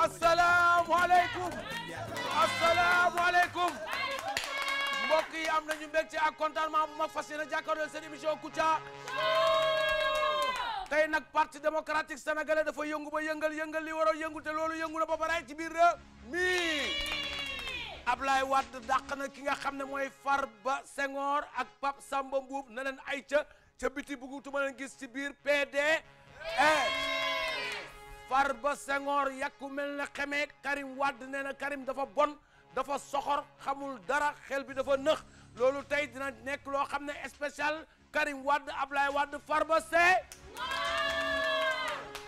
asalaamualeykum asalaamualeykum mbokk yi am nañu mbégte ak contentement bu mag fas yéene jàkkaarloo seen émission Kouthia tey nag parti démocratique sénégalais dafa yëngu ba yëngal yëngal li waroo yëngu te loolu yëngu na ba pare ci biir réew mi Ablaye Wade dàq na ki nga xam ne mooy Farba Senghor ak Pape Samba Mboup ne ay ca ca biti bëggu tuma leen gis ci biir PD Farba Senghor yàkku mel na xemee Karim Wade nee na Karim dafa bon dafa soxor xamul dara xel bi dafa nëx loolu tey dina nekk loo xam ne spécial Karim Wade Ablaye Wade Farba Sey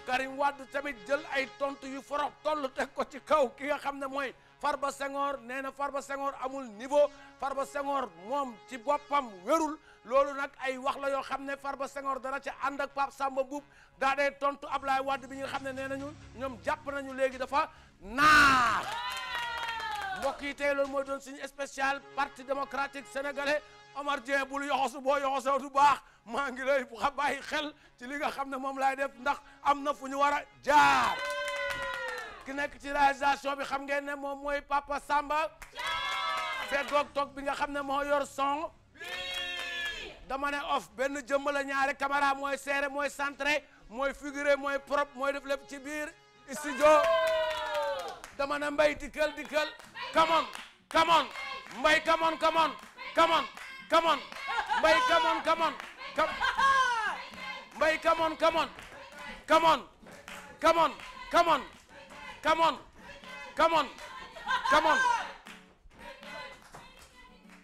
Karim Wade tamit jël ay tontu yu forox toll teg ko ci kaw ki nga xam ne mooy Farba Senghor nee na Farba Senghor amul niveau Farba Senghor moom ci boppam wérul loolu nag ay wax la yoo ne far ba dana dara ànd ak Pape Samba Boub daa dee tontu Ablaye Wade bi nga xam ne nee nañu ñoom jàpp nañu léegi dafa naax mbokk yi tey loolu mooy doon suñu spécial parti démocratique sénégalais Omar Dieng bul yoxosu boo yoxosoo du baax maa ngi lay xa bàyyi xel ci li xam ne moom laay def ndax am na fu ñu war a jaar ki nekk ci réalisation bi xam ngeen ne moom mooy Papa Samba feggoog toog bi nga xam ne moo yor son dama ne off benn jëmm la ñaari caméra mooy serré mooy centré mooy figuré mooy propre mooy def lépp ci biir studio dama ne mbay dikkal dikkal come on come on mbay come on come on come on come on mbay come on come on mbay on come on come on come on come on come on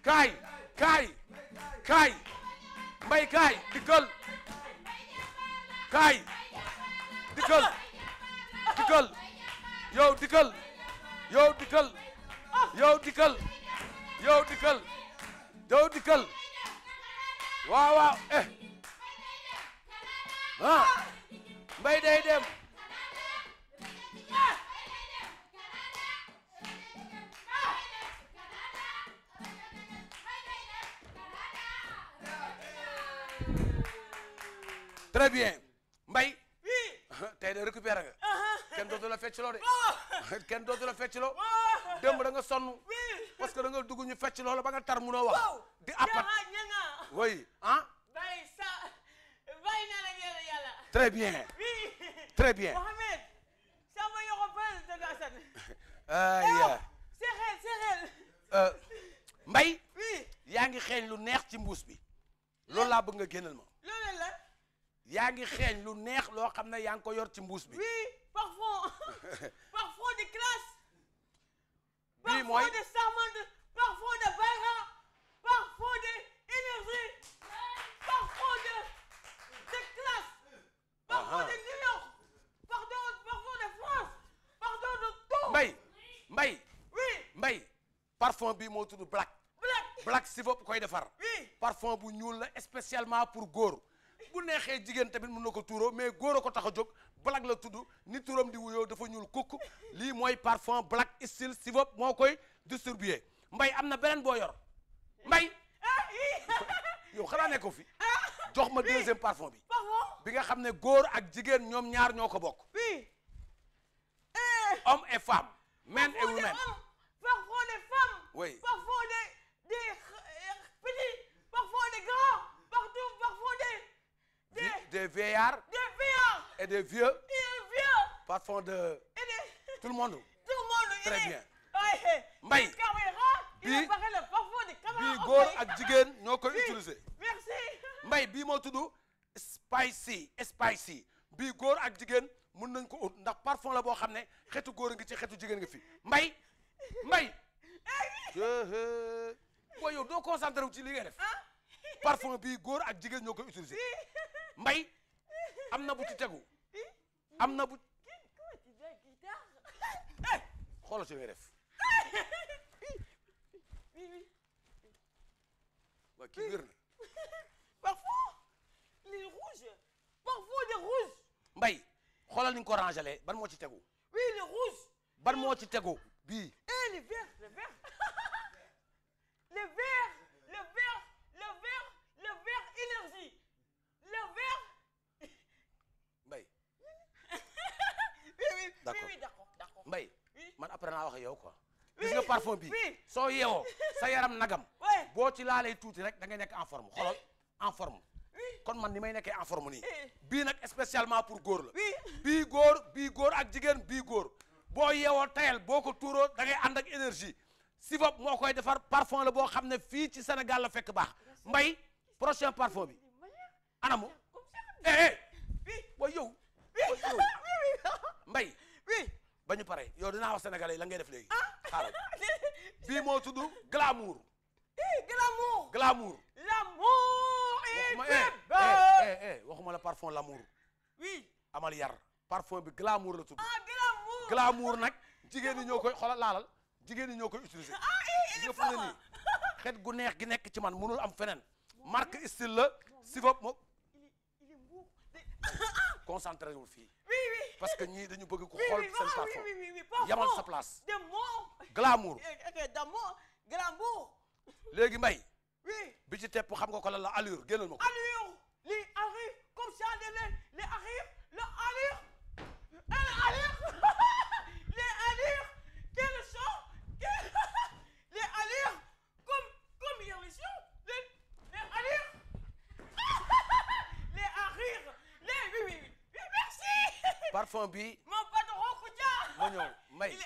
kaay kaay kaay mbay kaay dikkal kaay dikkal dikkal yow dikkal yow dikkal yow dikkal yow dikkal yow dikkal waaw waaw eh ah, mbay day dem très bien mbay te de récupéré nga. Ah, ah. kenn dootu la fecceloo de. Ah. kenn dootu la fecceloo. démb da nga sonn. parce que da nga dugg ñu fecc loola ba nga tar munoo wax. di appat oui bien. très bien. yoko bëri de Assane. aywa. sexel sexel. yaa ngi xeeñ lu neex ci mbuus bi. loolu laa bëgg nga génnal ma. yaa ngi xeeñ lu neex loo xam ne yaa ngi ko yor ci mbuus bi. oui parfum parfum de classe. bii mooy parfum de samande de bayra parfum de énergie parfum de de classe. parfum de New York de France pardon de tout. mbay mbay. oui mbay parfum bii moo tudd black. black si bopp koy defar. oui parfum bu ñuul la spécialement pour góor. bu neexee jigéen tamit mën na ko tuuroo mais góor ko tax a jóg black la tudd ni turam di wuyoo dafa ñuul kukk lii mooy parfum black si sivop moo koy distribuer mbay am na beneen boo yor mbay yo xanaa ne ko fi jox ma deuxième parfum bi bi nga xam ne góor ak jigéen ñoom ñaar ñoo ko bokk homme et femme men et women parfum des vieillards. des vieillards. et des de. Des... tout le monde. tout le monde très bien. Mbaye. bii bii ak jigéen ñoo koy utiliser. merci. bii moo tudd spicy spicy bii góor ak jigéen mën nañ ko ut ndax parfum la boo xam ne xeetu góor a ngi ci xeetu jigéen gi fi Mbaye. Mbaye. Eh booy yow doo concentré wu ci li ngay def. parfum bii góor ak jigéen ñoo koy utiliser mbay am na bu ci tegu am na bu xoolal si ngay def waa kii wér na parfum li rouge parfum de rouge mbay xoolal ni nga ko rangelee ban moo ci tegu oui le rouge ban moo ci tegu bii et eh, le vert le vert le vert énergie le verbe. Mbaye. oui oui d'accord d'accord man après naa wax ak yow quoi. gis nga parfum bi soo yeewoo sa yaram nagam. boo ci laalee tuuti rek da nga nekk en forme xoolal en forme. kon man ni may nekkee en forme nii. Eh. bii nag spécialement pour góor la. bii góor bii góor ak jigéen bii góor. boo yewoo tayal boo ko tuuroo da ngay ànd ak énergie. Sivop moo koy defar parfum la boo xam ne fii ci Sénégal la fekk baax mbay. prochain parfum bi anamu. eh eh yow. booy yow pare yow dinaa wax sénégalais yi la ngay def léegi. Ah. xaaral bii moo tudd glamour. Eh, glamour. glamour. l'amour est eh, belle. Eh, waxuma la parfum l'amour. amal yar parfum bi glamour la tudd. ah glamour. glamour nag jigéen ñi ñoo koy xoolal laalal jigéen ñi ñoo koy utiliser. ah xet gu neex gi nekk ci man mënul am feneen. marque style la si fa moom concentré wul fii. parce que ñii dañu bëgg ku xool seen plateforme. oui oui oui yamal sa place. de moom. glamour. Eh, eh, eh, de moom glamour. léegi Mbaye. oui bi xam nga ko la la allure génnal ma émission bi ma ma ñëw Mbaye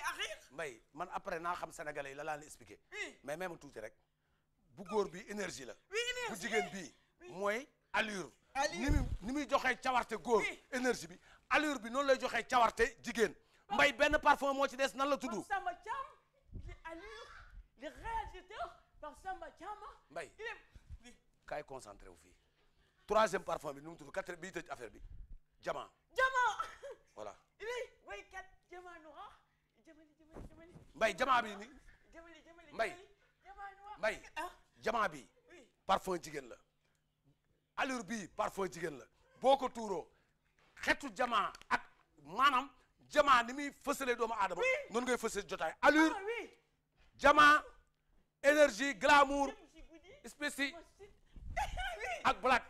Mbaye man après naa xam sénégalais yi la laa la expliqué. mais même tuuti rek bu góor bi énergie la. bu jigéen bi mooy allure. ni muy ni muy joxee góor. énergie bi allure bi noonu lay joxee cawarte jigéen. Mbaye benn parfum moo ci des nan la tudd. Samba Thiam li allure li réalisateur par Samba Thiam. Mbaye kaay concentré wu fii troisième parfum bi nu bii affaire bi Jama. voilà. Ibi eh béykat jamaanu ah jamali mbay jamaa bi nii. jamali mbay ah. mbay ah. jamaa bi. parfum jigéen la. allure bii parfum jigéen la boo ko tuuroo xetu jamaa ak maanaam jamaa ni muy fësalee doomu aadama. noonu ngay fësale jotaay allure. Ah, jamaa énergie glamour spéci ak black.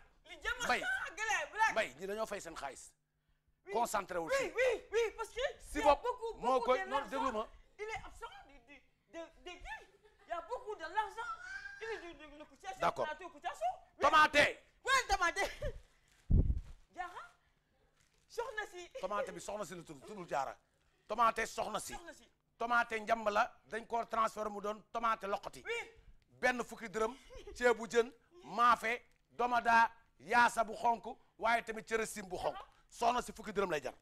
mbay mbay ñi dañoo fay seen xaalis. concentré wul oui oui parce que. si bopp moo koy non déglu ma il a beaucoup de l'argent il est tomate. wala tomate. soxna si. tomate bi soxna si la tudd tuddul tomate soxna si. soxna si tomate la dañ koo transfert mu doon tomate loqati. benn fukki dërëm. ceebu jën maafe domadaa yaasa bu xonk waaye tamit cere si bu xonk. soxna si fukki dërëm lay jar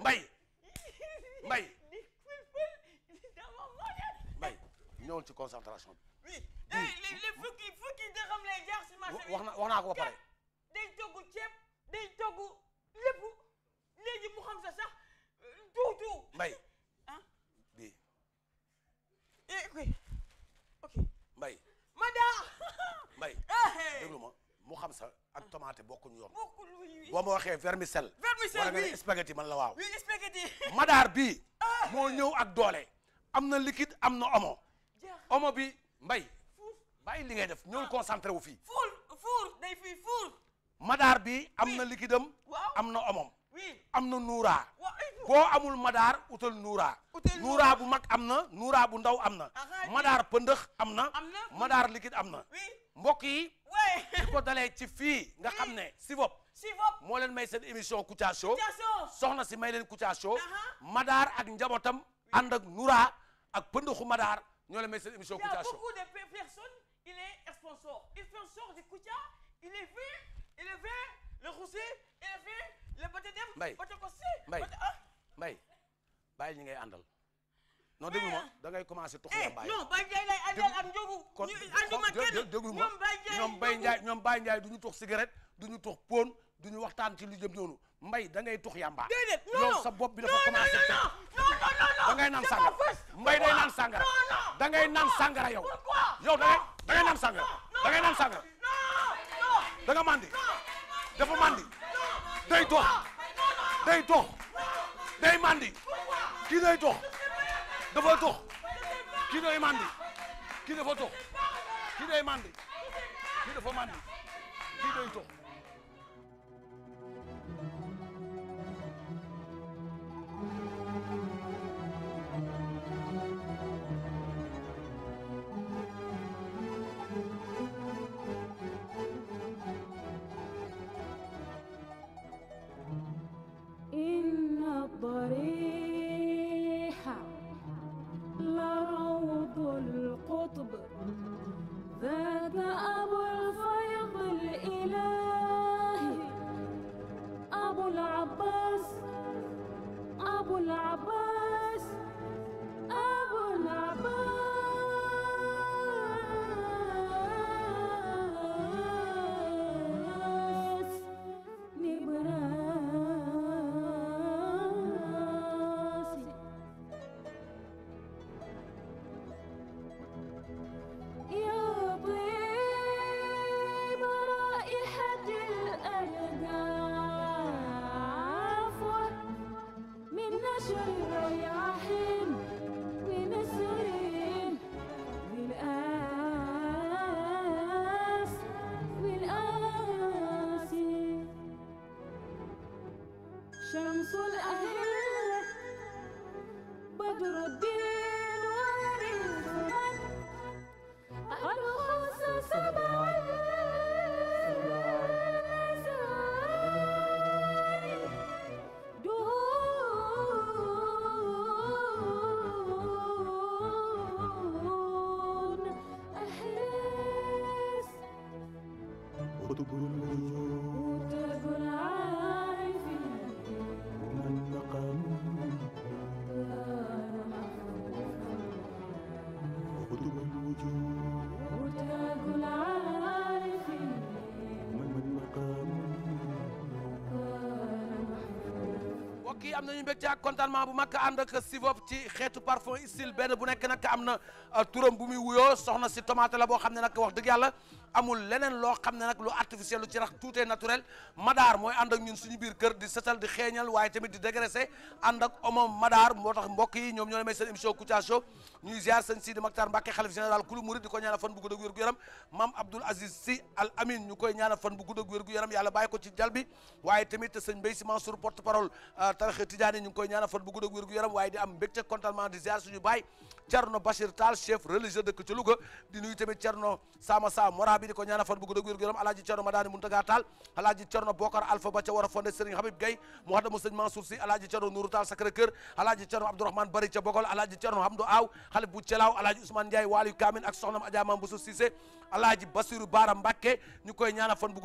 mbay mbay mbay ñëwal ci concentration bi. Eh, li li fukki fukki dërëm lay jar si marché bi. wax na wax naa ko ba pare. day togg ceeb day togg lépp léegi mu xam sa sax tuutu. mbay ah bii. Eh, ok ok. mbay. ma daa. mbay eh, déglu ma. mu xam sa ak tomate bokkuñu yoon. bokkuñu boo ma waxee vermicelle. vermicelle wala nga ne spaghetti man la waaw. oui spaghetti. madaar bii. Ah. moo ñëw ak doole. am na liquide am na omo. omo bi mbay. bàyyi li ngay def ñëw ah. concentré wu fii. fuur fuur fii fuur. madaar bi am na liquide am. am na omom. am na nuuraa. boo amul madaar utal nuuraa nuuraa bu mag am na nuuraa bu ndaw am na ah, ah, madaar pëndëx am na madaar liquide am na mbokk yi li ci fii nga xam ne si bopp moo leen may seen émission Kouthia Show soxna si may leen Kouthia Show ah, madaar ak njabootam ànd ak nuuraa ak pëndëxu madaar ñoo leen may seen émission Kouthia Show beaucoup de personnes il dem mbay bateau mbay mbay bàyyi ñi ngay àndal. non déglu ma da ngay commencé tuxu la Baye. non Baye Ndiaye lay àndal ak Ndiogou. kon déglu ma ñoom Baye Ndiaye ñoom Baye Ndiaye du ñu tux cigarette ñu tux pon ci lu jëm noonu mbay dangay ngay tux yamba. déedéet non non sa bi dafa commencé. non non ngay naan sàngara mbay day naan sàngara. da ngay naan sàngara yow. yow da ngay da ngay naan sàngara da ngay da nga mandi dafa mandi day dox day mandi kii day tox dafa tox kii mandi kii dafa kii yi am nañu mbégte ak contentement bu mag ànd ak Sivop ci xeetu parfum style benn bu nekk nag am na turam bu muy wuyoo soxna si tomate la boo xam ne nag wax dëgg yàlla amul leneen loo xam ne nag lu naturel madaar mooy ànd ak ñun suñu biir kër di setal di xeeñal waaye tamit di dégraissé ànd ak omo madaar moo tax mbokk yi ñoom ñoo la may seen émission Kouthia Show ñuy ziar sëñ Sidi Makhtar Mbacke xalif général kulu murid di ko ñaanal fan bu gudd ak wér gu Aziz Sy Al Amin ñu koy ñaanal fan bu gudd ak wér gu ko ci jal waaye tamit sëñ Mbaye chef religieux dëkk ci Louga di nuyu tamit Cerno Sama Sa mora bi di ko ñaanal fan bu gudd ak wér Cerno Madani Muntaga Taal alaaji Cerno Bokar Alpha ba ca war a fondé Serigne Habib Gaye mu xadamu Serigne Mansour Sy Cerno Nourou Taal Sacré Cœur Cerno Abdourahmane Bari ca Bogol alaaji Cerno Hamdou Aw xalif Celaw alaaji Ousmane Ndiaye Waliyu Kamin ak soxnam Adja Mam Bousso Cissé alaaji Bassirou Bara Mbacké koy ñaanal fan bu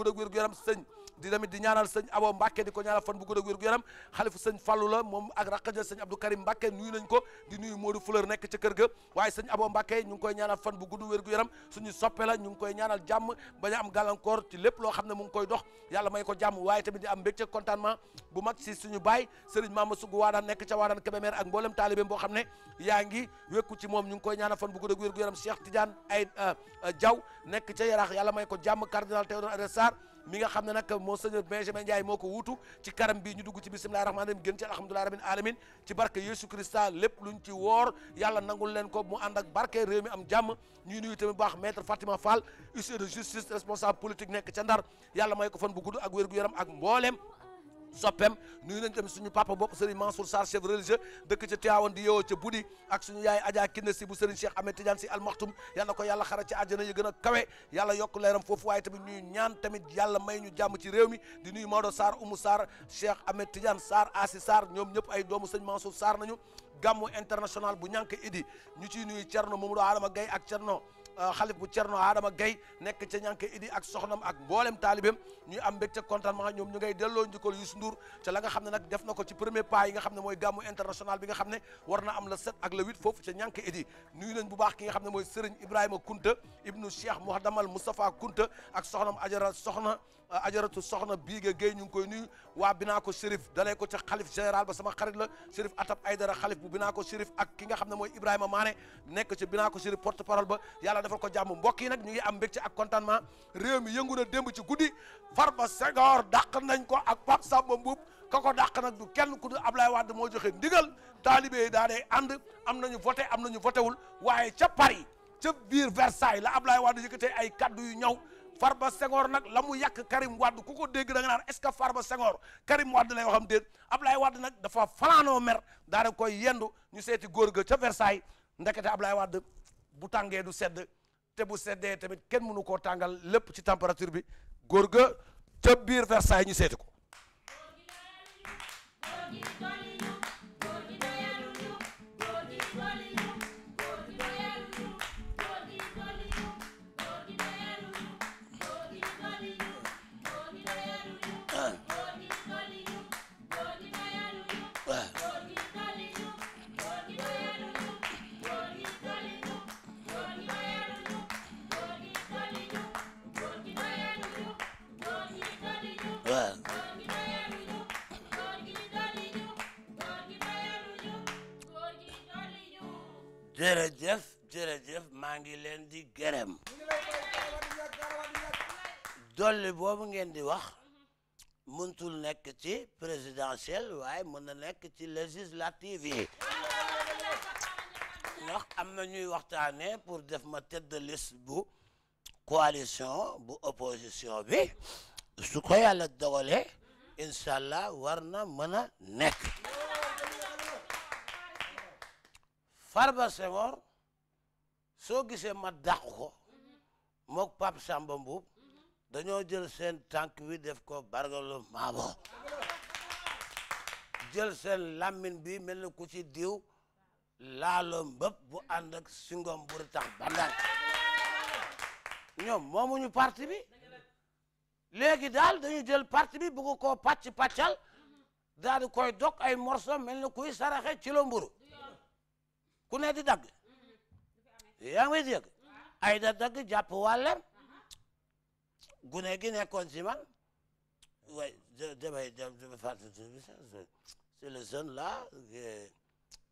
di tamit di ñaanal sëñ Abo Mbacke di ko ñaanal fan bu gudd ak wér gu yaram xalifu sëñ Fallou la moom ak raqaja sëñ Abdou Karim Mbacke nuyu nañ ko di nuyu Modou Fleur nekk ca kër ga waaye sëñ Abo Mbacke ñu ngi koy ñaanal fan bu gudd wér gu yaram suñu soppe la ñu ngi koy ñaanal jàmm baña am gàllankoor lépp loo xam ne mu ngi koy dox yàlla may ko jàmm waaye tamit di am mbégte contentement bu mag si suñu baay sëriñ Mama Sugu Waadaan nekk ca Waadaan Kébémer ak mboolem taalibeem boo xam ne yaa ngi wékku ci moom ñu ngi koy ñaanal fan bu gudd ak wér gu yaram Cheikh Tidiane ay jaw euh, euh, nekk ca Yaraax yàlla may ko jàmm cardinal Théodore Adrien Sarr mi nga xam ne nag monseigneur Benjamin Ndiaye moo ko wuutu ci karam bi ñu dugg ci bismillahi rahmaani rahim gën ci alhamdulillahi rabbil alamin ci barke Yesu Christa lépp luñ ci woor yàlla nangul leen ko mu ànd ak barke réew mi am jàmm ñuy nuyu tamit baax maître Fatima Fall huissier de justice responsable politique nekk ca Ndar yàlla may ko fan bu gudd ak wér gu yaram ak mbooleem soppem nuyu nañ tamit suñu papa bopp Serigne Mansour Sarr chef religieux dëkk ca Tivaouane di yeewoo ca Budi ak suñu yaay Adja Kiné si bu Serigne Cheikh Ahmed Tidiane si almaxtum yal na ko yàlla xara ci àjjana yu gën a kawe yàlla yokk leeram foofu waaye tamit ñuy ñaan tamit yàlla may ñu jàmm ci réew mi di nuyu Maodo Sarr Oumou Sarr Cheikh Ahmed Tidiane Sarr Asi Sarr ñoom ñëpp ay doomu sëñ Mansour Sarr nañu gàmmu international bu ñànk idi ñu ciy nuyu Thierno Mamadou Adama Gaye ak Thierno Euh, xalif bu no Adama Gaye nekk ca ñànke idi ak soxna ak mboolem taalibeem ñu am mbégte contentement ñoom ñu ngay delloo njukkal Youssou Ndour ca la nga xam ne nag def na ko ci premier pas yi nga xam ne mooy gàmmu international bi nga xam ne war na am la 7 ak la 8 foofu ca ñànke idi nuyu nañ bu baax ki nga xam ne mooy Serigne Ibrahima Kunta ibnu Cheikh Mouhadamal Moustapha Kunta ak soxna Ajara soxna ajaratu soxna Biige Guèye ñu ngi koy nuyu waa Binaako Chérif dalee ko ca xalif général ba sama xarit la Chérif Atab Aydara xalif bu Binaako Chérif ak ki nga xam ne mooy Ibrahima Mané nekk ca Binaako Chérif porte parole ba yàlla defal ko jàmm mbokk yi nag ñu ngi am mbégte ak contentement réew mi yëngu na démb ci guddi Farba Senghor dàq nañ ko ak Pape Samba Mboup ka ko dàq nag du kenn ku dul Ablaye Wade moo joxe ndigal taalibe yi daa dee ànd am nañu voté am nañu voté wul waaye ca Paris ca biir Versailles la Ablaye Wade yëkkatee ay kaddu yu ñaw Farba Senghor nag la mu yàq Karim Wade ko ko dégg da nga naan est-ce que Farba Senghor Karim Wade lay waxam déet Ablaye Wade nag dafa fanaanoo mer daal di koy yendu ñu seeti góor ga ca Versailles ndekete Ablaye Wade bu tàngee du sedd te bu seddee tamit kenn mënu ko tàngal lépp ci température bi góor ga ca biir Versailles ñu seeti ko. jërëjëf jërëjëf maa ngi leen di gërëm dolli boobu ngeen di wax mëntul nekk ci présidentiel waaye mën na nekk ci législative yi ndox am na ñuy waxtaanee pour def ma tête de bu coalition bu opposition bi su ko yàlla dogalee incha war na mën a nekk Farba Senghor soo gisee ma dàq mook Pape Samba Mboup dañoo jël seen tànk wi def ko bargalu maabo jël seen làmmiñ bi mel na ku ci diw laalo mbëpp bu ànd ak singom buri tax bandal ñoom moomuñu parti bi léegi daal dañu jël parti bi bugg koo pàcc pàccal di koy dog ay morso mel ni kuy saraxe ci mburu ku ne di dagg yaa ngi dégg ay da dagg jàpp wàllam gune gi nekkoon ci man waaye damay damay fàttali c'est le jeune là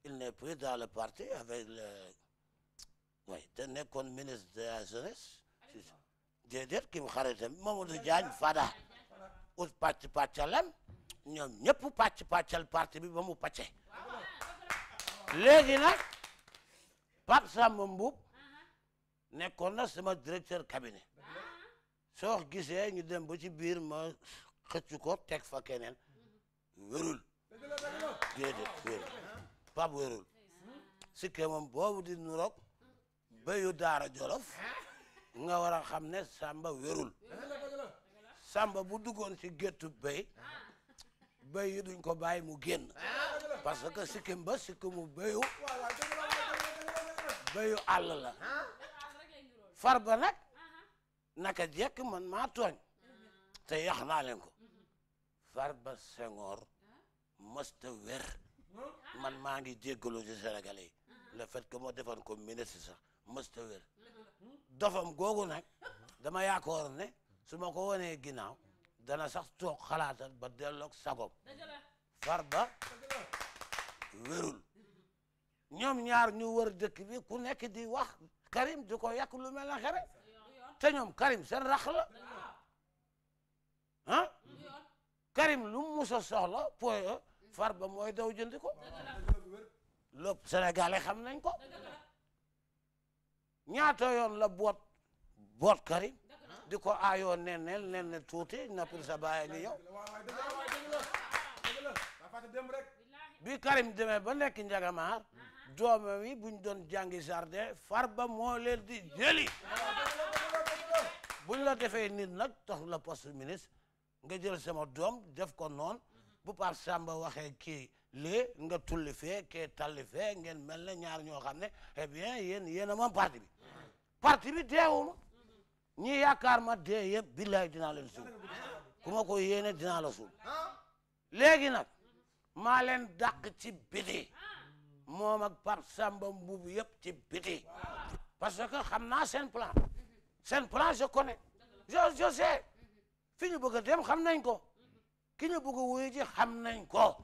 il n'est plus dans le parti avec le waaye te nekkoon ministre de la jeunesse déedéet ki mu xaritam Mamadou Diagne Fada ut pàcc pàccalam ñoom ñëpp pàcc pàccal parti bi ba mu pàcce léegi Pape Samba Mboup nekkoon na sama directeur cabinet soo gisee ñu dem ba ci biir ma xëcc ko teg fa keneen wérul déedéet wérul Pape wérul sikke moom boobu di nuroog béyu daara jolof nga war a xam ne Samba wérul Samba bu duggoon ci géttu béy béy yi ko bàyyi mu génn parce que sikkim ba sikki mu béyu bayu àll la far ba nag naka jekk man maa tooñ te yax naa leen ko farba sengoor mësta wér man maa ngi jéggalu ci sénégalais yi le fait que moo defoon ko ministre sax mësta wér googu nag dama yaakaar ne su ma ko wonee ginnaaw dana sax toog xalaatal ba delloog sagom farba wérul ñoom ñaar ñu wër dëkk bi ku nekk di wax Karim di ko yàq lu mel na xere te ñoom Karim seen rax la ah Karim lu mu mus a soxla point e, mooy daw jëndi ko lépp Sénégalais xam nañ ko ñaata yoon la boot boot Karim di ko aayoo nen neel nen ne tuuti nappil sa baay ni bi Karim demee ba nekk njagamaar doomam yi buñ doon jàngi jardin ba moo leen di jëli buñ la defee nit nag tox la poste ministre nga jël sama doom def ko noonu bu par Samba waxee kii lee nga tulli fee kee talli fee ngeen mel ne ñaar ñoo xam ne eh bien yéen yéen parti bi parti bi deewuma ñi yaakaar ma dee yëpp billaay dinaa leen suul ku ko yéene dinaa la suul ah. léegi nag maa leen dàq ci biti moom ak Pape Samba mbubu yëpp ci biti parce que xam naa sen plan seen plan je connais je je sais fi ñu bëgg dem xam nañ ko ki ñu bëgg a xam nañ ko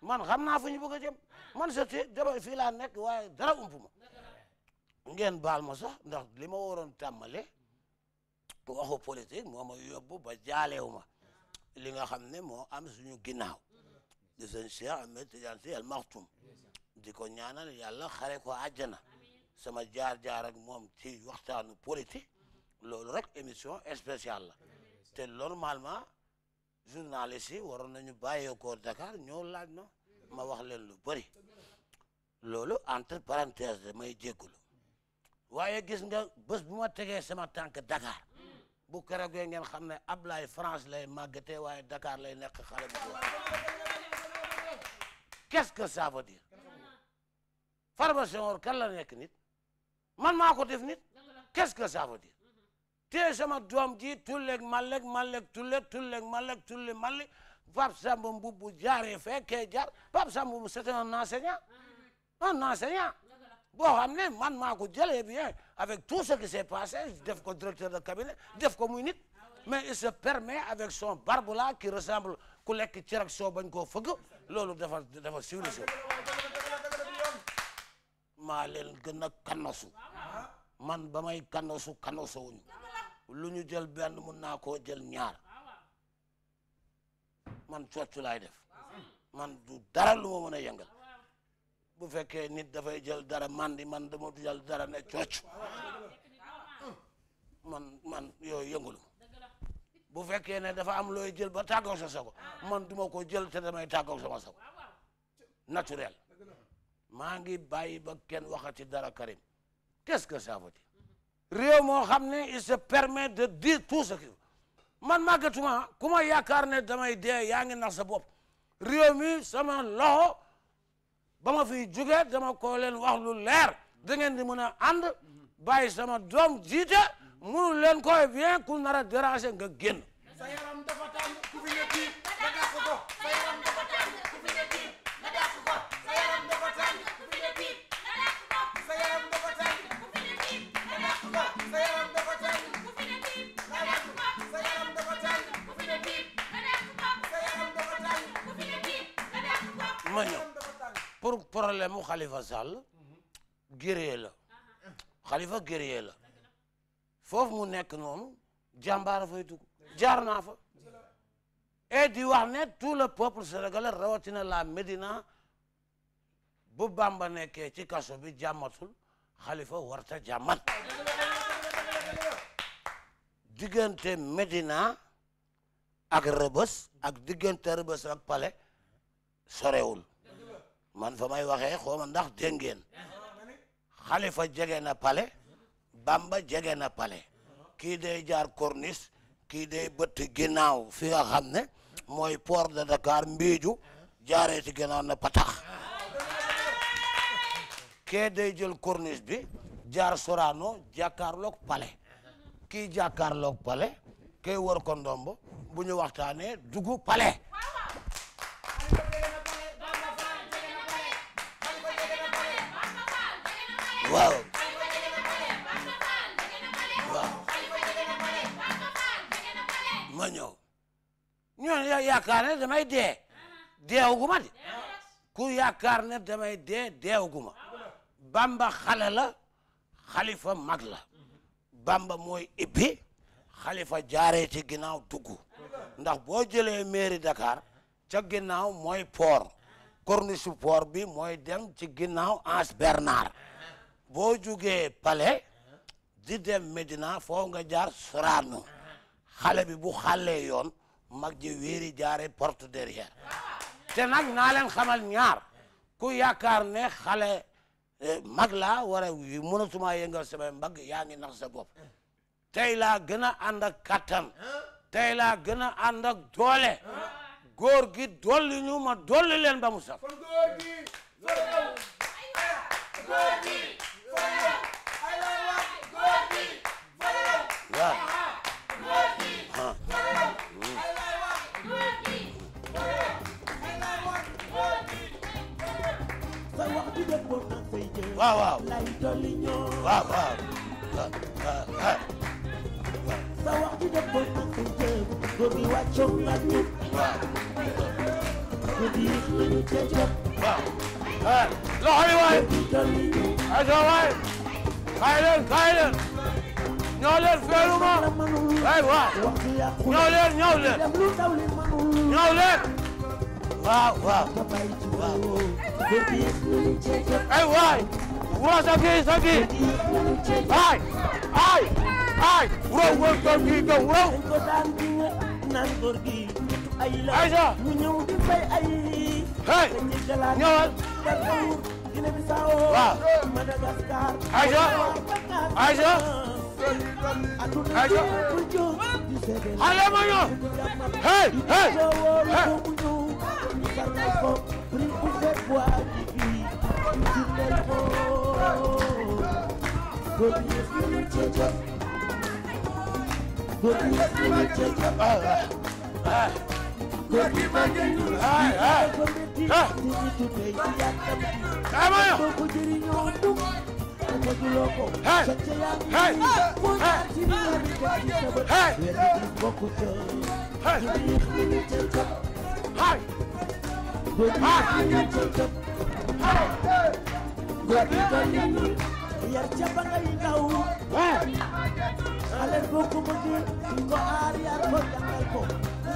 man xam naa fu ñu bëgg a jëm man soti dama fii laa nekk waaye dara ump ma ngeen baal ma sax ndax li ma waroon tàmmale waxu politique moo ma ba jaalewu ma li nga xam ne moo am suñu ginnaaw di seen Cheikh Ahmed Tidiane Sy Al Maktoum ko ñaanal yàlla xare ko àjjana sama jaar-jaar ak moom ci waxtaanu politi loolu rek émission spéciale la te normalement journaliste yi waroon nañu bàyyeekoo Dakar ñoo laaj ma ma wax leen lu bëri loolu entre parenthèse damay jégalu waaye gis nga bés bu ma tegee sama tànk Dakar mm. bu keroogee ngeen xam ne Ablaye France lay màggatee waaye Dakar lay nekk xale bu góor Farba Senghor kan la nekk nit man maa ko def nit qu'est-ce que ça veut dire te sama doom ji tulleeg malleg malleg tulle tulleeg malleg tulle malleg Pape Samba bu jaaree fee kee jaar Pape Samba Mboup c'est un enseignant un boo xam ne man maa ko jëlee bien avec tout ce qui s'est passé def ko directeur de cabinet def ko muy nit mais il se permet avec son barbe là qui ressemble ku lekk cere ak soo bañ koo fëgg loolu dafa dafa civilisé maa leen gën a kanosu man ba may kanosu kanosowuñu lu ñu jël benn mun naa koo jël ñaar man coccu laay def man du dara lu ma mën bu fekkee nit dafay jël dara man di man dama du dara ne cocc man man yooyu bu fekkee ne dafa am looy jël ba tàggaw sa sago man duma ko jël te damay tàggaw sama sago naturel maa ngi bàyyi ba kenn waxati dara Karim qu'est-ce que ça veut moo xam ne il se permet de dire tout ce man màggatuma ku ma yaakaar ne damay dee yaa ngi nax sa bopp mi sama loxo ba ma fiy jóge dama ko leen lu leer da ngeen di mën a ànd sama doom jiite mënu leen koy eh bien ku nar a déranger nga génn pour problème mu Khalifa Sall guerrier la Khalifa guerrier foofu mu nekk noonu jàmbaara fay dugg jaar naa fa et wax ne tout le peuple sénégalais rawatina la Médina bu Bamba nekkee ci kaso bi jàmmatul Khalifa warta jàmmat diggante Médina ak Rebeuss ak diggante Rebeuss ak Palais sorewul man fa may waxee xooma ndax dégg ngeen ah, ah, xalifa jege na pale bamba jege na pale kii day jaar corniche kii day bët ginnaaw fi nga xam ne mooy port de Dakar mbiiju jaaree ginnaaw na patax kee day jël corniche bi jaar Sorano jàkkaarloog pale kii jàkkaarloog pale kee wër ko ndombo bu ñu waxtaanee dugg pale waaw waaw ma ñëw ñoon yaakaar ne damay dee deewuguma di ku yaakaar ne damay dee deewuguma bamba xale la xalifa mag la bamba mooy ibbi xalifa jaaree ci ginnaaw dugg ndax boo jëlee mairie Dakar ca ginnaaw mooy port corniche port bi mooy dem ci ginnaaw Anse Bernard boo jugee pale di dem Medina foo nga jaar Sorano xale bi bu xàllee yoon mag ji wéeri jaare porte derrière te nag naa leen xamal ñaar ku yaakaar ne xale eh, mag laa war a mënatuma yëngal samay mbagg yaa ngi nax sa bopp tey laa gën a ànd ak kattan tey laa gën a ànd ak doole góor gi dolli ñu ma dolli ba mu waaw waaw lay dolli ñoo waaw waaw sa wax ji de bon ak sa jëm góor gi wàccoo nga ñu waaw góor gi yéex nañu ca jot waaw loxo bi waay ayca waay kaay leen kaay leen ñëw leen feelu ma ay waaw ñëw leen ñëw leen ñëw leen waaw waaw ay waay wura sa kii sa kii ay ay ay wura wura góor gi góor wura ayca. hey ñëwal. waaw. ayca ayca ayca. xale ma ñëw. hey hey hey. ah. ah. Hey!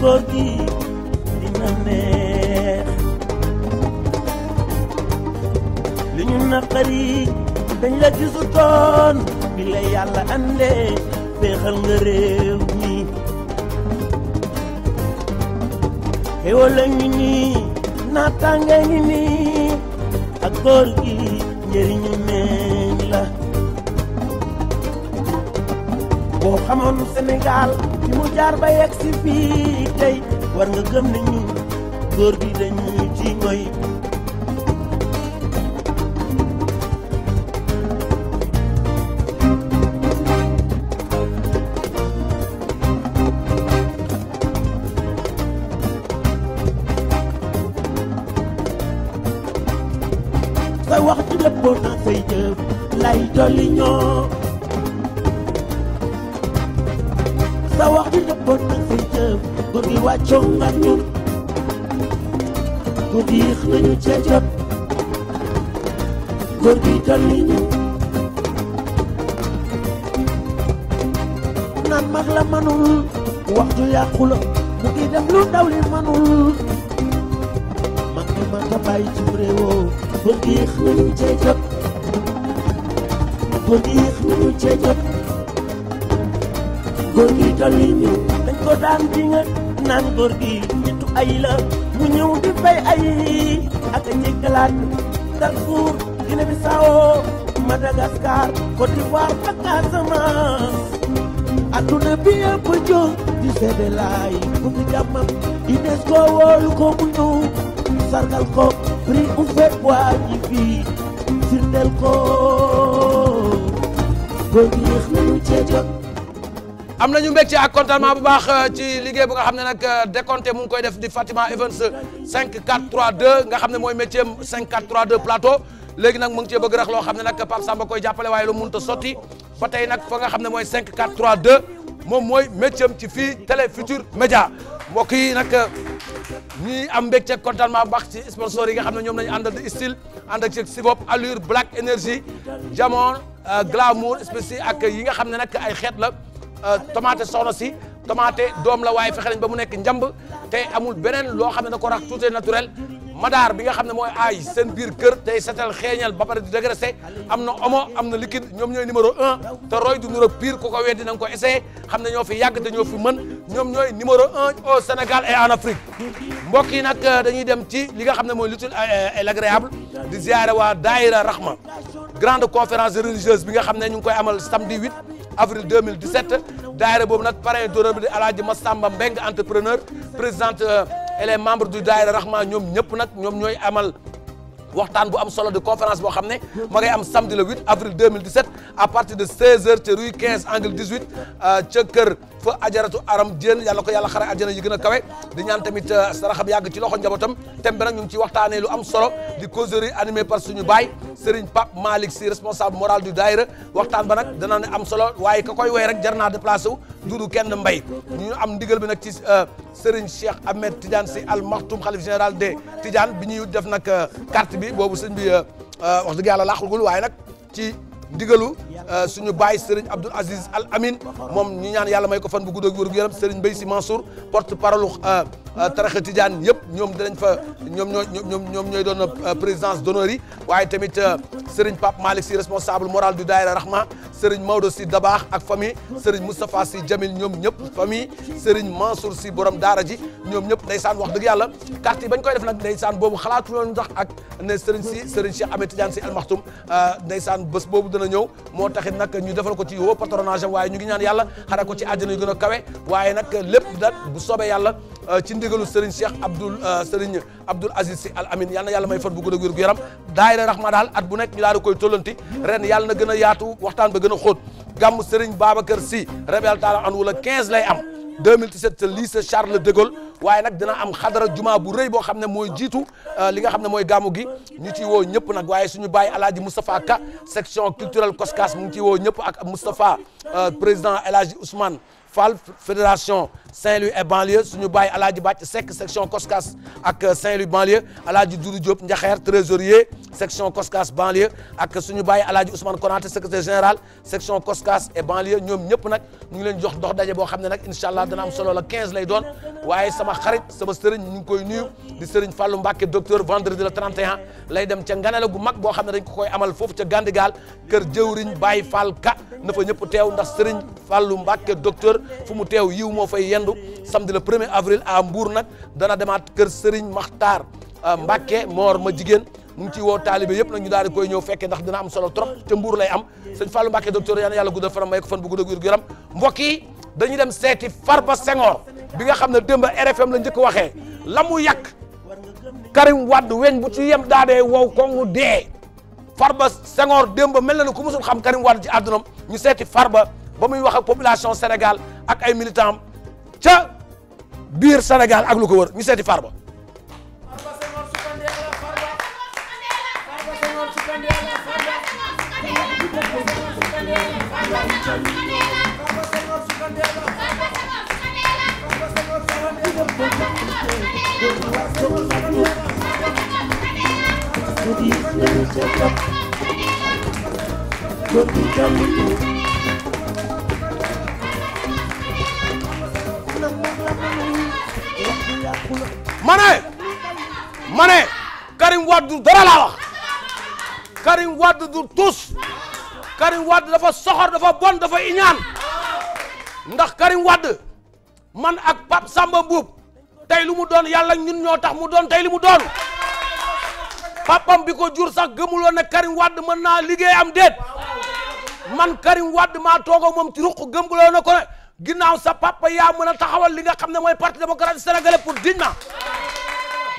ko gi dina neex li ñu dañ la gisu toon bi la yàlla andee féexal nga réew mi xéwal la ngi nii gi njëriñu meñ la boo xamoon Sénégal jaar ba yegg si fii tey war nga gëm ne ñu góor gi dañuy ci moy góor gi dalli la manul wax ju yàqu la mu ngi def lu ndaw li manul mag ñi man ta bàyyi góor gi yéex nañu cee jot góor gi yéex nañu cee jot góor gi dalli ñu dañ ko daan di nga naan góor gi nitu ay la mu ñëw di fay ay ak a jéggalaat darfuur Guinée Bissau Madagascar Côte d'Ivoire ak Casamance adduna bi yëpp jóg di seede laay bugg jàmmam UNESCO woolu ko mu ñëw sargal ko prix ouvert waa ñi fii firndeel ko góor gi yéex cee jóg am nañu mbégte ak contentement bu baax euh, ci liggéey bu nga xam ne nag euh, décompté mu ngi koy def di Fatima Evans 5 4 3 nga xam ne mooy métier 5 4 3 plateau léegi nag mu ngi cee bëgg rax loo xam ne nag Pape Samba koy jàppale waaye lu mënut a sotti ba tey nag fa nga xam ne mooy 5 4 3 moom mooy métier am ci fii Télé Futur Média mbokk yi nag ñi am mbégte contentement bu baax ci sponsor yi nga xam ne ñoom lañu àndal di style ànd ak ci Sibop Allure Black Energy Jamon euh, Glamour spécial ak yi nga xam ne nag ay xeet la euh, tomate soxna si tomate doom la waaye fexe nañ ba mu nekk njamb te amul beneen loo xam ne da ko rax tout naturel madaar bi nga xam ne mooy aay seen biir kër te setal xeeñal ba pare di dégraissé am na omo am na liquide ñoom ñooy numéro un te roy du nuro pire ku ko weddi na nga ko essayé xam ne ñoo fi yàgg te ñoo fi mën ñoom ñooy numéro un au Sénégal et en Afrique mbokk yi nag euh, dañuy dem ci li nga xam ne mooy l'utile euh, et l'agréable di ziare waa Daïra Rahma grande conférence religieuse bi nga xam ne ñu ngi koy amal samedi 8 avril 2017 daayira boobu nag parrain d'honneur bi di Alaaji Massamba Mbeng entrepreneur présidente euh, et membre membres du Daayira Rahma ñoom ñëpp nag ñoom ñooy amal waxtaan bu am solo de conférence boo xam ne ma ngay am samedi le 8 avril 2017 à partir de 16h ca rue 15 angle 18 euh, ca kër. fa ajaratu aram jén yàlla ko yàlla xare àjjana yi gën a kawe di ñaan tamit euh, saraxa bi yàgg ci loxo njabootam thème bi nag ñu ci waxtaanee lu am solo di causerie animée par suñu baay Serigne Pape Malick Sy responsable moral du daayira waxtaan ba nag dana ne am solo waaye ka koy woy rek jar naa déplacé wu duudu kenn mbay ñu am ndigal bi nag ci euh, Serigne Cheikh Ahmed Tidiane Sy Al Maktoum xalif général de Tidiane bi ñuy def nag euh, carte bi boobu sëñ bi wax dëgg yàlla laaxagul waaye nag ci ndigalu euh, suñu baay Serigne Abdoul Aziz Al Amin moom ñu ñaan yàlla may ko fan bu gudd ak wér gu yaram Serigne Mbaye Sy Mansour porte parole euh, Euh, taraxa tijaan yëpp ñoom dinañ fa ñoom ñoo ñoom ñoom ñooy doon euh, présidence d'honneur yi waaye tamit euh, Serigne Pape Malick si responsable moral du Daayira Rahma Serigne Maodo si Dabaax ak famille Serigne Moustapha si Jamil ñoom ñëpp famille Serigne Mansour si borom daara ji ñoom ñëpp saan wax dëgg yàlla carte yi bañ koy def nag ndeysaan boobu xalaatu loon sax ak ne Serigne si Serigne Cheikh Ahmed Tidiane si Almakhtoum ndeysaan bés boobu dana ñëw moo taxit nag ñu defal ko ci woo patronage am waaye ñu ngi ñaan yàlla xara ko ci àjjana yu gën a kawe waaye nag lépp nag soobee yàlla Euh, ci ndigalu Serigne Cheikh Abdoul euh, Serigne Abdoul Aziz Sy Al Amin yal na yàlla may fan bu gën a wér gu yaram daayira Rahma daal at bu nekk ñu daal di koy tollanti ren yàlla na gën a yaatu waxtaan ba gën a xóot gàmmu Serigne Babacar Sy rebel taala an wala 15 lay am 2017 lycée Charles de Gaulle waaye nag dina am xadara juma bu rëy boo xam ne mooy jiitu euh, li nga xam ne mooy gàmmu gi ñu ciy woo ñëpp nag waaye suñu bàyyi alaaji Moustapha Ka section culturelle Koskas mu ngi ciy woo ñëpp ak Moustapha président El Hadji Fall fédération Saint-Louis et banlieue suñu bàyyi alaaji Bàcc Seck section Koskas ak Saint-Louis banlieue alaaji Doudou Diop Ndiakhère trésorier section Koskas banlieue ak suñu bàyyi alaaji Ousmane Konaté secrétaire général section Koskas et banlieue ñoom ñëpp nag ñu ngi leen jox dox daje boo xam ne nag incha allah dana am solo la 15 lay doon waaye sama xarit sama sëriñ ñu ngi koy nuyu di sëriñ Fallou Mbacke docteur vendredi le 31 lay dem ca nganale gu mag boo xam ne dañ ko koy amal foofu ca Gandigal kër jëwriñ Baye Fall Ka na teew ndax sëriñ Fallou Mbacke docteur fu mu teew yiw moo fay yendu samedi le 1er avril a mbuur nag dana demaat kër Serigne Makhtar euh, Mbacke Mor ma jigéen mu ci ciy woo taalibe yëpp nag ñu daal di koy ñëw fekkee ndax dina am solo trop te mbuur lay am se Fallou Mbacke docteur yal na yàlla guddal faram may ko fan bu gudd ak yaram mbokk yi dañuy dem seeti Farba Senghor bi nga xam ne démb RFM la njëkk waxee la mu yàq Karim Wade weñ bu ci yem daa dee wow kongu dee Farba Senghor démb mel na ne ku musul xam Karim Wade ci àddunam ñu seeti Farba ba muy wax ak population Sénégal ak ay militants ca biir Sénégal ak lu ko wër ñu seeti Farba. ma ne ma ne Karim Wade du dara laa wax Karim Wade du tus Karim Wade dafa soxor dafa bon dafa iñaan ndax Karim Wade man ak Pape Samba Mboup tey lu mu doon yàlla ñun ñoo tax mu doon tey li mu doon papam bi ko jur sax gëmul woon ne Karim Wade mën naa liggéey am déet man Karim Wade maa toogoo moom ci ruq gëmuloo na ko ne ginnaaw sa papa yaa mën a taxawal li nga xam ne mooy parti démocratique sénégalais pour dignement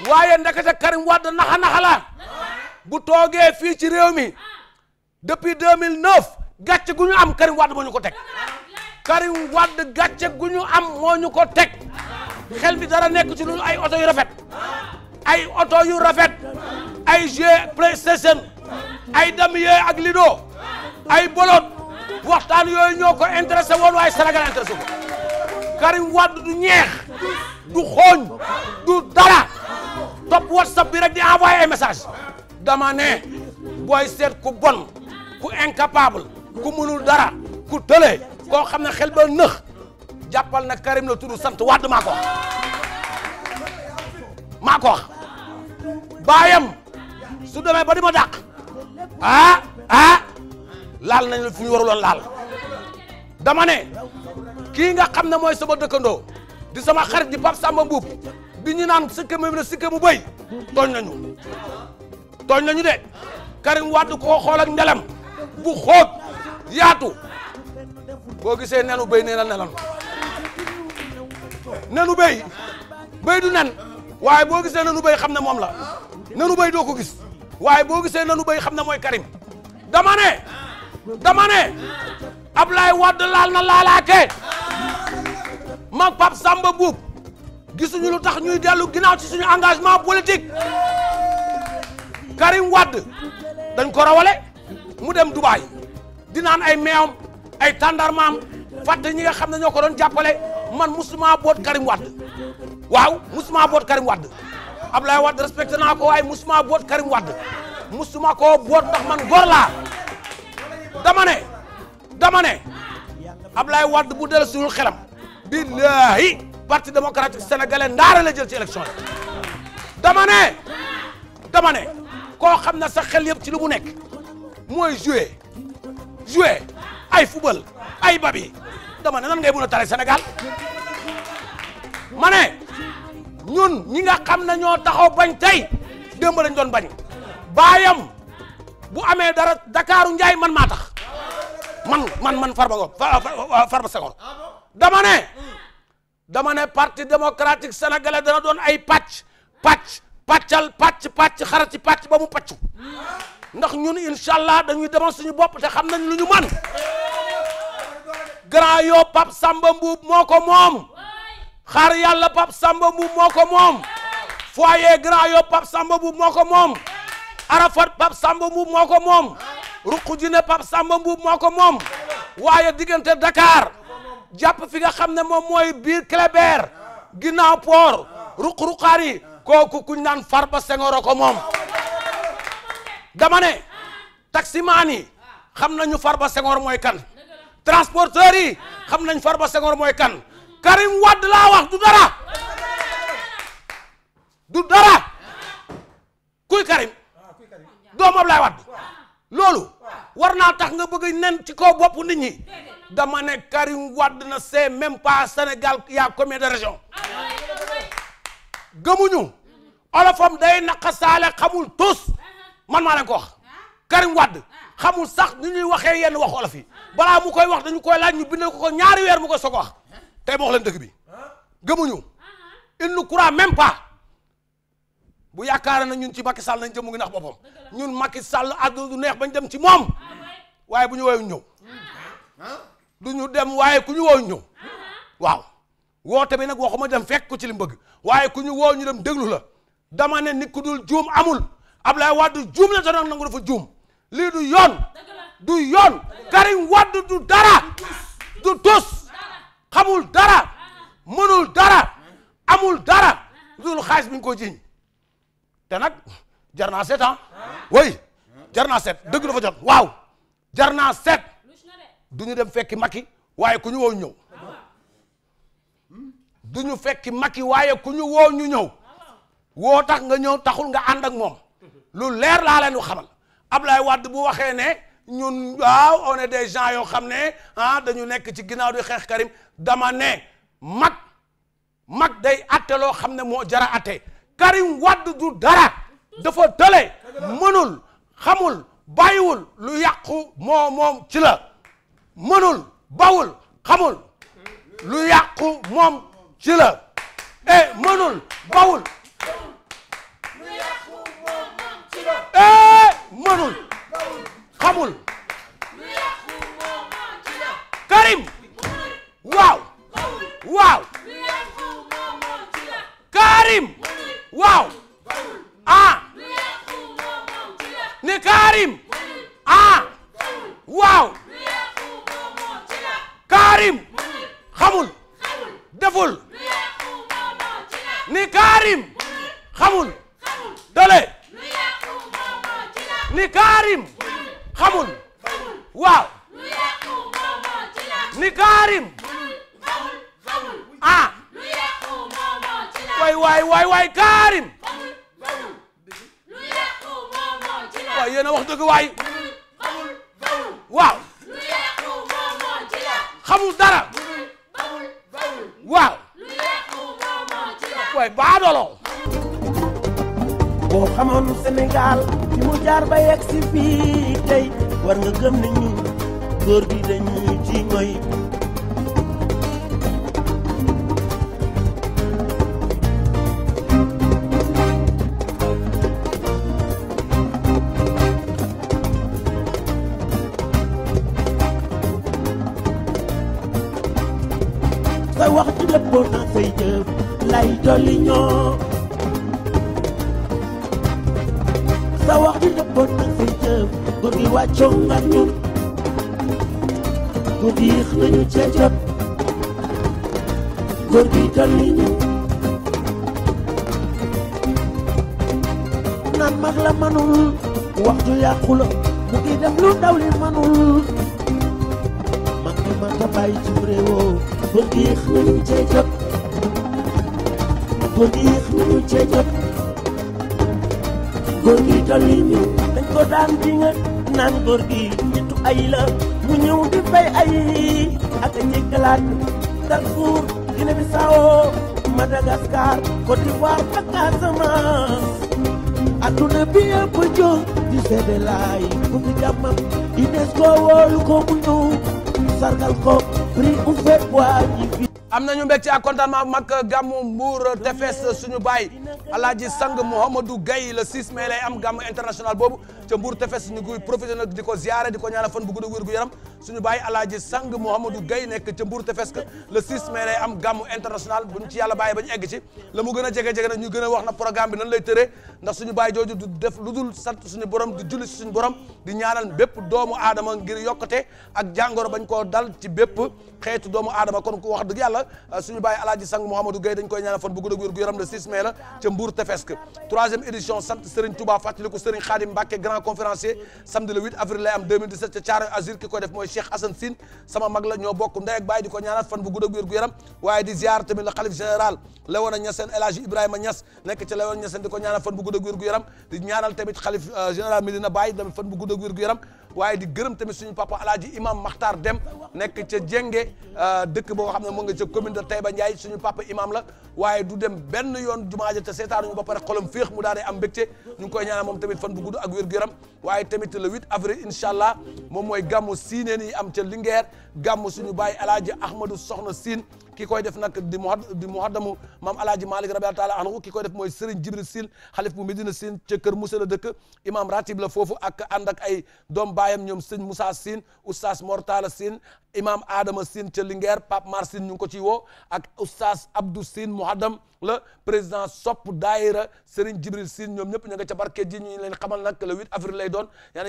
waaye ndekete Karim Wade naxa naxa la bu toogee fii ci réew mi depuis 2009 gàcce gu ñu am Karim Wade moo ñu ko teg Karim Wade gàcce gu ñu am moo ñu ko teg xel bi dara nekk ci lu ay oto yu rafet ay oto yu rafet ay jeu PlayStation ay damier ak lido ay bolot waxtaan yooyu ñoo ko intéressé woon waaye Sénégal intéressé ko Karim Wade du ñeex du xooñ du dara topp whatsapp bi rek di envoyé ay message dama ne booy seet ku bon ku incapable ku mënul dara ku tële koo xam ne xel ba nëx jàppal na Karim la tudd sant Wade maa ko wax maa ko wax baayam su demee ba di ma dàq ah ah laal na la fu waruloon laal dama ne kii nga xam ne mooy sama dëkkandoo di sama xarit di Pape Samba Mboup bi ñu naan sikka mu ne sikka mu béy tooñ nañu tooñ nañu de Karim Wade koo xool ak ndelam bu xóot yaatu boo gisee nenu béy nee na nelan nenu béy béy du nen waaye boo gisee nenu béy xam ne moom la nenu béy doo ko gis waaye boo gisee nenu béy xam ne mooy Karim dama ne dama ne Ablaye Wade laal na laalaake mag Pape Samba Boub gisuñu lu tax ñuy dellu ginnaaw ci suñu engagement politique Karim Wade dañ ko rawale mu dem Dubaay di naan ay meewam ay tàndarmaam fàtte ñi nga xam ne ñoo ko doon jàppale man musuma boot Karim Wade waaw musuma boot Karim Wade Abdoulaye Wade respecté naa ko waaye musuma boot Karim Wade musuma koo boot ndax man góor laa dama ne dama bu dellusiwul xelam billaahi parti démocratique sénégalais ndaara la jël ci élection damane dama koo xam na sa xel ci li bu nekk mooy jouer jouer ay football ay babi dama ne nan ngay mën a tare Sénégal ma ne ñun ñi nga xam ne taxaw bañ tey démb lañ doon bañ baayam bu amee dara Dakaaru Njaay man maa tax man man man Farba Ngom Farba Senghor dama ne dama ne parti démocratique sénégalais dana doon ay pàcc pàcc pàccal pàcc pàcc xarati pàcc ba mu pàccu ndax ñun incha allah dañuy demal suñu bopp te xam nañ lu ñu man grand yoo Pape Samba Mbuub moo ko moom xaar yàlla Pape Samba Mbuub moo ko moom foyer grand yoo Pape Samba Mbuub mooko ko moom Arafat Pape Samba Mbuub moo ko moom Ruqu Jine Pape Samba Mbuub moo ko moom waaye diggante Dakar jàpp fi nga xam ne moom mooy biir Kléber ginaaw port ruq-ruqaan yi kooku kuñ naan Farba Senghor ko moom dama ne taximaan yi xam nañu Farba Senghor mooy kan transporteur yi xam nañ Farba Senghor mooy kan Karim Wade laa wax du dara du dara kuy Karim doomu Ablaye Wade loolu war naa tax nga bëgg nen ci kaw bopp nit dama ne Karim Wade na see même pas Sénégal y a combien de régions gëmuñu olofam day naqasaale xamul tous man maa leen ko wax Karim Wade xamul sax ni ñuy waxee yenn wax olof yi balaa mu koy wax dañu koy laaj ñu bindal ko ko ñaari weer mu koy soog a wax tey ma wax leen dëgg bi gëmuñu il ne croit même pas bu yaakaar na ñun ci Macky Sall nañ jëm mu ngi nax boppam ñun Macky Sall àdduna du neex bañ dem ci moom waaye bu ñu woowee ñëw. du ñu dem waaye ku ñu woo ñëw uh-huh. waaw woo bi nag waxuma dem fekk ko ci li mu bëgg waaye ku ñu woo ñu dem déglu la dama ne nit ku dul juum amul Ablaye Wade juum la doon nangu dafa juum lii du yoon du yoon Karim Wade du dara du tus xamul dara uh-huh. mënul dara uh-huh. amul dara dul xaalis bi ñu ko jiiñ te nag jar naa seet ah oui jar naa seet dëgg dafa jot waaw jar naa du ñu dem fekki Macky waaye ku ñu woo ñëw du ñu fekki waaye ku ñu woo ñu ñëw woo tax nga ñëw taxul nga ànd ak moom lu leer laa leen xamal Ablaye Wade bu waxee ne ñun waaw on est des gens yoo xam ne ah dañu nekk ci ginnaaw di xeex Karim dama ne mag mag day atte loo xam ne moo jara ate Karim Wade du dara dafa tële mënul xamul bàyyiwul lu yàqu moo moom ci la mënul bawul xamul lu yàqu moom ci la e bawul lu yàqu moom lu yàqu moom ci la Karim waaw waaw Karim waaw ah ni Karim ah waaw Karim xamul deful ni Karim xamul waaw ni Karim ah waay waaw xamul dara waaw waaye baadoloo boo xamoon Sénégal ci mu ba yegg si fii war nga gëm ne ñu góor gi dañuy ci moy congantu bu diix nañu ca jàpp góor gi tali ñu naan mag la manul wax ju yàqu la mu ngi def lu ndaw li manul mag ni mag a bàyyi ci réewoo góor diix nañu ca jàpp góor diix nañu ca jàpp góor gi tali ñu dañ ko daan dinga naan góor gi nitu la mu ñëw di fay ay ak a jéggalaat Darfour Guinée Bissau Madagascar Côte d'Ivoire ak Casamance adduna bi yëpp di seede laay bu ngi jàmmam UNESCO woolu ko mu ñëw sargal ko prix u fet waa fi am nañu mbégte ak contentement mag gàmmu Mbour tefes suñu baay alaaji sang Mouhamadou Gaye le 6 mai lay am gàmmu international boobu ca Mbour Tefes ñu koy profité nag di ko ziare di ko ñaanal fan bu gudd wér gu yaram suñu bàyyi alaaji sang Mouhamadou Gaye nekk ca Tefes ka le 6 mai lay am gàmmu international buñ ci yàlla bàyyi bañ egg ci la mu gën a jege-jege nag ñu gën a wax na programme bi nan lay tëree ndax suñu bàyyi jooju du def lu dul sant suñu borom di julli suñu borom di ñaanal bépp doomu aadama ngir yokkate ak jàngoro bañ koo dal ci bépp xeetu doomu aadama kon wax dëgg yàlla suñu bàyyi alaaji sang Mouhamadou Gueye dañ koy ñaanal fan bu gudd ak wér gu yaram le 6 mai la ca Mbour Tefesk troisième édition sant Serigne Touba fàttaliku Serigne Khadim Mbacké grand conférencier samedi le 8 avril lay am 2017 ca Thiaroye Azur ki koy def mooy Cheikh Assane Sine sama mag la ñoo bokk ndey baay di ko ñaanal fan bu gudd ak wér waaye di ziar tamit la xalif général Léona Niassène El Hadji waaye di gërëm tamit suñu papa alaaji imam Makhtar Dem nekk ca Jenge euh, dëkk boo xam ne mu nga ca commune de Taïba Ndiaye suñu papa imam la waaye du dem benn yoon jumaa ja te seetaanuñu ba pare xolam féex mu daal di am mbégte ñu ngi koy moom tamit fan bu a ak wér-gu-yaram waaye tamit le 8 avril incha allah moom mooy gàmmu siineen yi am ca Linguère gàmmu suñu baay alaaji Ahmadou Soxna Siin ki koy def nag di muad di muaddamu maam alaaji malik rabial taala anhu ki koy def mooy Serigne Jibril Sil xalif bu Medina Sine ca kër Moussa la dëkk imam ratib la foofu ak ànd ak ay doom baayam ñoom sëñ Moussa Sine oustaz Mortala sin imam Adama Sine ca Linguère Pape Mar Sine ñu ngi ko ciy woo ak oustaz Abdou Sine Mouhadam la président sopp daayira Serigne Jibril Sine ñoom ñëpp ña nga ca ji ñu leen xamal nag le 8 lay doon yaa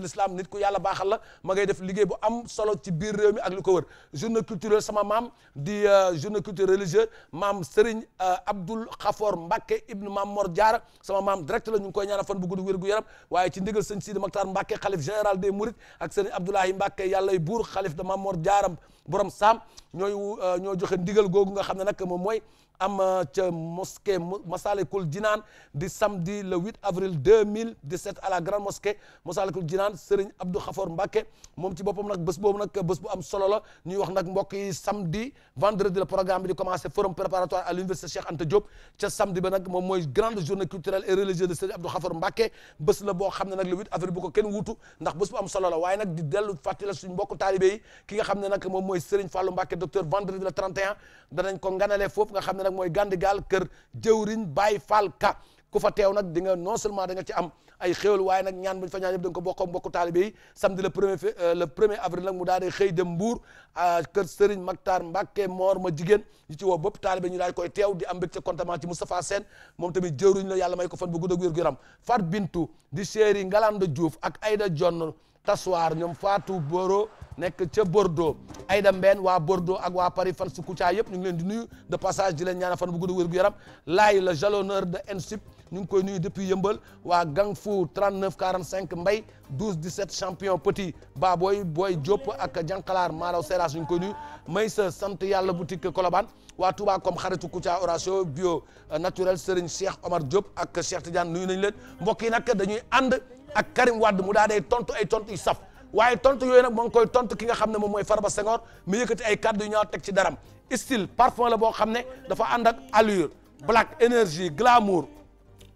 l'islam nit ku yàlla baaxal la ma ngay def liggéey bu am solo ci biir mi ak lu wër journée culturelle sama maam di euh, journée culturelle religieuse maam Serigne euh, Abdoul Khafor Mbacke ibn Maam Mor Diarra sama maam direct la ñu ngi koy ñaanal fan bu gudd wér général des Mourides ak Serigne Abdoulaye Mbacke yàllay buur xalif de Mamor Jaaram borom saam ñooy euh, ñoo joxe ndigal googu nga xam ne nag moom mooy am euh, ca mosquée Massalikul Jinaan di samedi le 8 avril 2017 à la grande mosquée Massalikul Jinaan Serigne Abdou Khafor Mbacké moom ci boppam nag bés boobu nag bés bu am solo la ñuy wax nag mbokk yi samedi vendredi le programme bi di commencé forum préparatoire à l'université Cheikh Anta Diop ca samedi ba nag moom mooy grande journée culturelle et religieuse de Serigne Abdou Khafor Mbacké bés la boo xam ne nag le 8 avril bu ko kenn wuutu ndax bés bu am solo la waaye nag di dellu fàttali la suñu mbokku taalibe yi ki nga xam ne nag moom mooy Serigne Fallou Mbacké docteur vendredi le 31 danañ ko nganalee foofu nga xam ne ne nag mooy Gandigal kër jëwriñ Baye Fall ku fa teew nag di nga non seulement da nga ci am ay xéwal waaye nag ñaan bu ñu fa ñaan yëpp da nga ko bokk mbokku taalibe yi samedi le premier euh, le premier avril nag mu daal di xëy dem Mbour kër Serigne Maktar Mbacke Mor ma jigéen ñu ci woo bopp taalibe ñu daal koy teew di am mbégte contentement ci Moustapha Sène moom tamit jëwriñ la yàlla may ko fan bu gudd ak wér gu yaram Fat Bintu di chéri Ngalande Diouf ak Aïda Dione Tassoir ñoom Fatou Boro nekk ca Bordeaux Aïda Mbène waa Bordeaux ak waa Paris fan su Kouthia yëpp ñu ngi leen di nuyu de passage di leen ñaanal fan bu gudd wér gu yaram laay la jalonneur de ENSUP ñu ngi koy nuyu depuis yëmbal waa gang fu 39 45 mbay 12 17 champion petit ba booy booy Diop ak jànqalaar maalaw seras ñu ngi koy nuyu may sa sant yàlla boutique waatu waa Touba comme xaritu Kouthia oratio bio euh, naturel Serigne Cheikh Omar Diop ak Cheikh Tidiane nuyu nañ leen mbokk yi nag dañuy ànd ak Karim Wade mu daa dee tontu ay tontu yu saf waaye tontu yooyu nag moo ngi koy tontu ki nga xam ne moom mooy Farba Senghor mi yëkkati ay kàddu yu ñaaw teg ci daram style parfum la boo xam ne dafa ànd ak allure black énergie glamour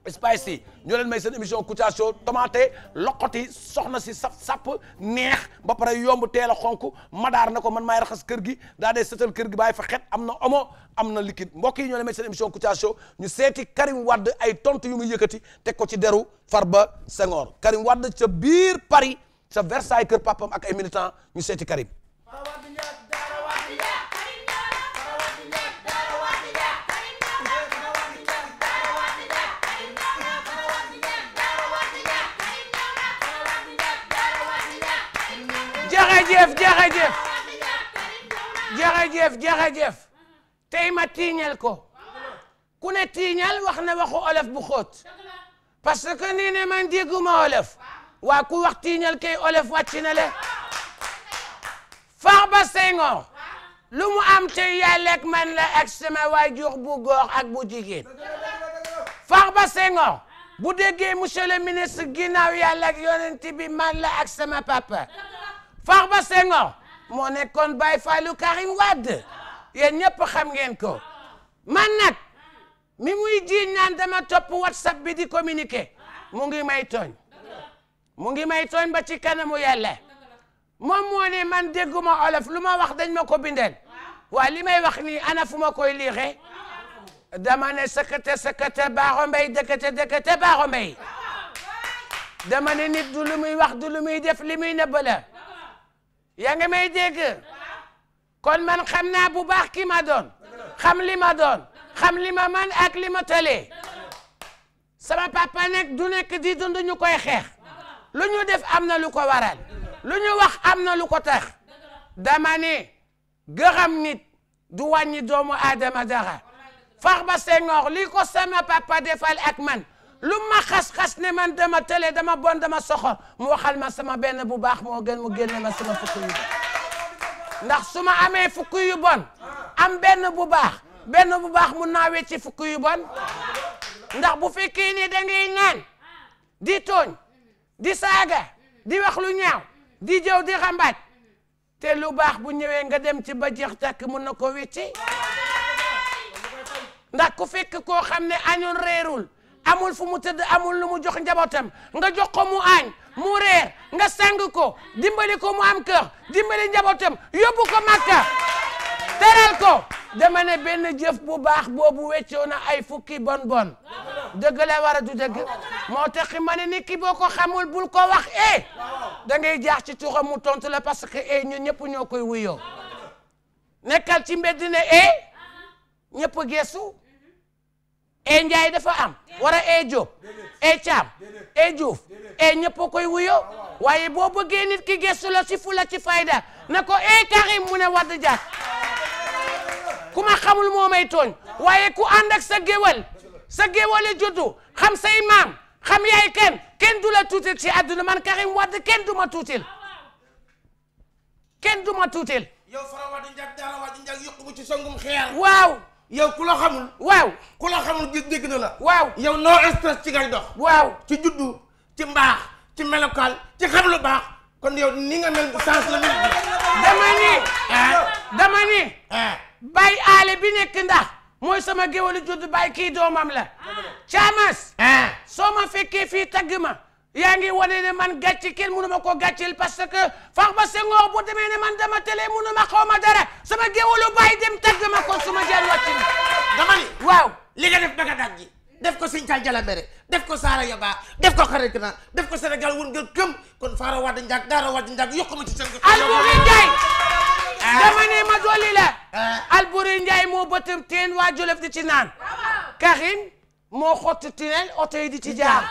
spicy ñoo leen may seen émission Kouthia Show tomaté loqoti soxna si sap sap neex ba pare yomb teel a xonk madaar na ko man maay raxas kër gi daa dee setal kër gi bàyyi fa xet am na omo am na liquide mbokk yi ñoo leen may seen émission Kouthia Show ñu seeti Karim Wade ay tontu yu muy yëkkati teg ko ci deru Farba Senghor Karim Wade ca biir ca Versailles kër papam ak ay militants ñu seeti Karim. jërëjëf jërëjëf jërëjëf jërëjëf tey ma tiiñal ko ku ne tiiñal wax na waxu olof bu xóot parce que nii ne man dégguma olof waa ku wax tiiñal kay olef wàcc na le Farba Senghor lu mu am tey yàlla ak man la ak sama waajur bu góor ak bu jigéen Farba Senghor bu déggee monsieur le ministre ginnaaw yàlla ak yonent bi man la ak sama papa Farba Senghor moo nekkoon Baye Fallou Karim Wade yéen ñëpp xam ngeen ko man nag mi muy jiiñ naan dama topp whatsapp bi di communiquer mu ngi may tooñ mu ngi may tooñ ba ci kanamu yàlla moom moo ne man dégguma olof lu ma wax dañ ma ko bindeel waa li may wax nii ana fu ma koy liixee dama ne sakate sakate baaxo mbay dëkkate dëkkate baaxo mbay dama ne nit du wax du lu def li muy nëbb la yaa ngi may dégg kon man xam naa bu baax ki ma doon xam li ma doon xam li ma man ak li ma tëlee sama papa nek du nekk di dund koy xeex lu ñu def am na lu ko waral lu ñu wax am na lu ko tax dama ne gërëm nit du wàññi doomu aadama ba Farba Senghor lii ko sama papa defal ak man lu ma xas-xas ne man dama tële dama bon dama soxo mu waxal ma sama benn bu baax moo gën mu génne ma sama fukki yu ndax su ma amee fukki yu bon am benn bu baax benn bu baax mun naa wecci fukki yu ndax bu fekkee ni da ngay naan di tooñ di saaga di wax lu ñaaw di jëw di xambaaj te lu baax bu ñëwee nga dem ci ba jeex tàkk mun na ko wecci ndax ku fekk koo xam ne añul reerul amul fu mu tëdd amul lu mu jox njabootam nga jox ko mu añ mu reer nga sang ko dimbali ko mu am kër dimbali njabootam yóbbu ko Makka teral ko dama ne benn jëf bu baax boobu weccoo na ay fukki bon dëgg la war a du dëgg moo tax ma ne nit ki boo ko xamul bul ko wax eh da ngay jaax ci turam mu tontu la parce que eh ñun ñëpp ñoo koy wuyoo nekkal ci mbedd ne eh ñëpp geesu eh Njaay dafa am war a eh Jóob eh Caam eh, Juuf eh ñëpp koy wuyoo waaye boo bëggee ki geesu la ci fula ci fayda na ko eh Karim mu ne Wade Diack ku ma xamul tooñ waaye ku ànd ak sa géwal sa géwale juddu xam say maam xam yaay kenn kenn du la tuutil ci àdduna man Karim Wade kenn du ma tuutil kenn du ma tuutil. yow Fara Wade Ndiak Diallo Wade Ndiak yokku ci songum xeer. waaw. yow ku la xamul. waaw ku na waaw yow no stress ci ngay waaw ci juddu ci mbaax ci melokaan ci xam lu kon yow ni nga mel bu sens la mel. dama ni. Eh? dama ni. Eh? bay aale bi nekk ndax mooy sama géwalu judd bay kii doomam la caamas ah. soo ma fekkee fii tagg ma yaa ngi wane ne man gàcce kenn mënu ma ko gàcceel parce que fax ba sengoor bu demee ne man dama télé mënu ma xaw ma dara sama géwalu bay dem tagg ma ko suma jël wàcc na dama ni waaw li nga def naka dag ji def ko Sinthiou Jalamere def ko Saara Yaba def ko xarit na def ko Sénégal wun nga gëm kon Faara Wade Ndiak Daara Wade Ndiak yokk ma ci seen. albume Ndiaye. Eh. dama ne ma dolli la. Eh. Alboury moo bëtt waa Jolof di ci naan. Karim moo xottu tineel oto yi di ci jaar.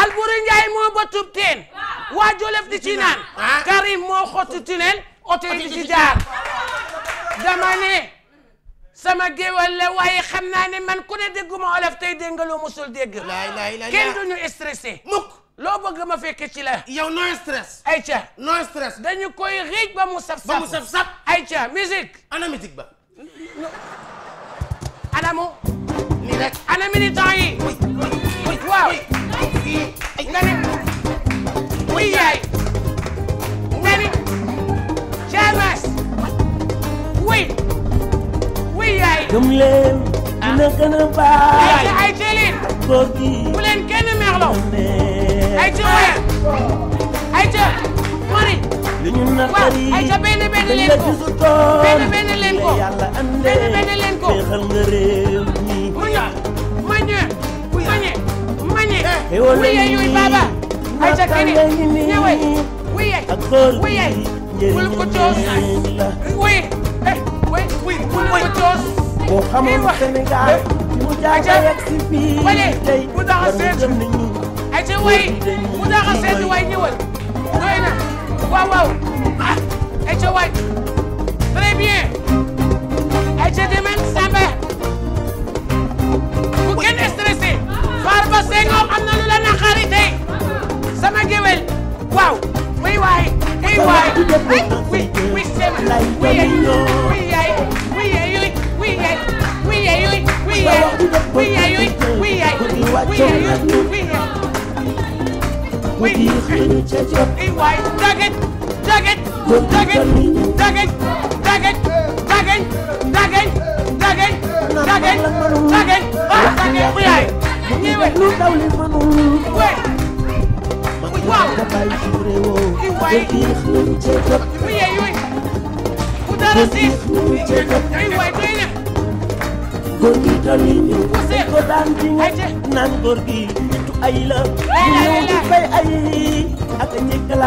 Alboury Ndiaye moo bëtt teen. waa Jolof di ci naan. Karim moo xottu tineel eh. oto yi di ci jaar. dama sama géwal la waaye xam naa ne man ku ne dégguma olof tey dégg nga loo musul dégg. du ñu stressé loo bëgg ma fekke ci la. yow no stress. ayca no stress. dañu koy riij ba mu saf saf. ba mu saf saf. ayca musique. ana musique ba. anamu. nii rek ana militant yi. oui oui waaw. nga ne. oui yaay. nga ne. Thiamas. oui. oui yaay. gëm leen. Ah. dina gën a baax. ayca ayca leen. kooku. bu leen kenn merloo. ay ca wala ay ca mari waaw ay ca benn benn leen ko benn benn leen ko benn benn leen ko muña mañe mañe mañe wiye yuy baba ay ca kene ñëwe wiye wiye bul ko coos wiye eh, wiye bul ko coos boo xamoon Sénégal eh, mu jaay ak si fii tey mu tax a seetu ay ca way mu daax a seeti way ñëwal doy na waaw waaw ah ay ca way très bien ay ca demen Samba bu kenn stressé Farba Senghor am na lu la naqari tey sama géwél waaw way waay ay waay oui oui sema oui yaay oui yaay oui yaay oui yaay oui yaay oui yaay oui yaay oui yaay oui yaay oui yaay wii i waay dagaj dagaj dagaj dagaj dagaj dagaj dagaj dagaj dagaj dagaj waa dagaj bu yaay ñii we lu daw li mënul we waaw i waay bu yee yuy bu dara siis i waay doy na góor gi dal yi ñëw ko daan di nga naan góor gi nitu ay la laaj. ko jox bu ko jox na ñu na de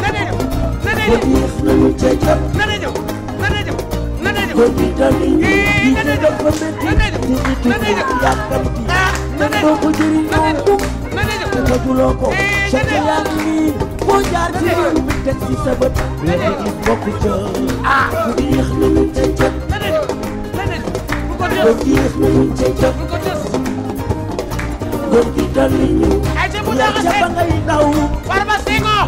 na de na de. na na de eh, na de na de. na na de. Barba Senghor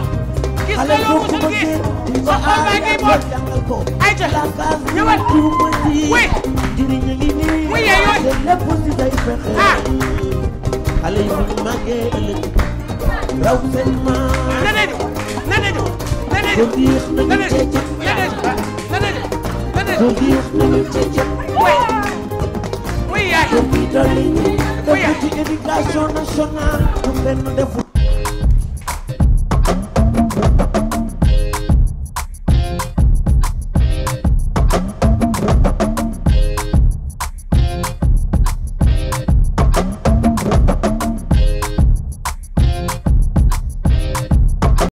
gis nga lu mu gis ko ayca ñëwal oui mu yeeyoon ah. xale yi bu màggee ëllëg raw seen maam. na nañu na nañu na nañu na nañu na nañu na nañu muy yaay. muy yaay. éducation nationale.